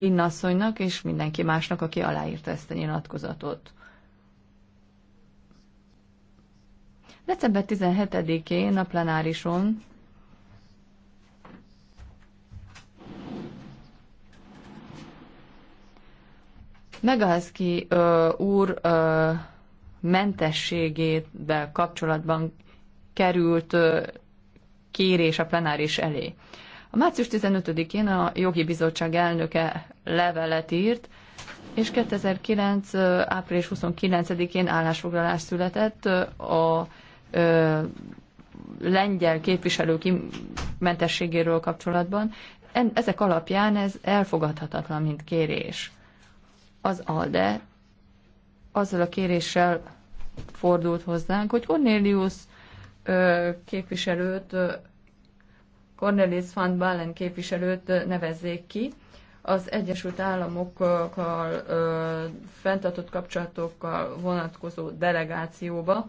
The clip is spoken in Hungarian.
Innasszonynak és mindenki másnak, aki aláírta ezt a nyilatkozatot. December 17-én a plenárison Megalszki ö, úr ö, mentességével kapcsolatban került ö, kérés a plenáris elé. A március 15-én a jogi bizottság elnöke levelet írt, és 2009. április 29-én állásfoglalás született a ö, lengyel képviselők mentességéről kapcsolatban. En, ezek alapján ez elfogadhatatlan, mint kérés. Az ALDE azzal a kéréssel fordult hozzánk, hogy Cornelius ö, képviselőt ö, Cornelis van Balen képviselőt nevezzék ki az Egyesült Államokkal fenntartott kapcsolatokkal vonatkozó delegációba,